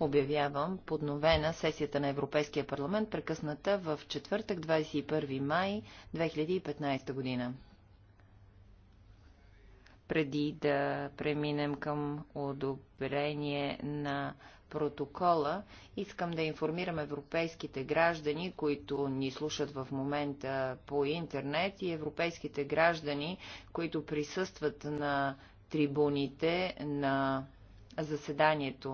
Обявявам подновена сесията на Европейския парламент, прекъсната в четвъртък, 21 май 2015 година. Преди да преминем към одобрение на протокола, искам да информирам европейските граждани, които ни слушат в момента по интернет и европейските граждани, които присъстват на трибуните на заседанието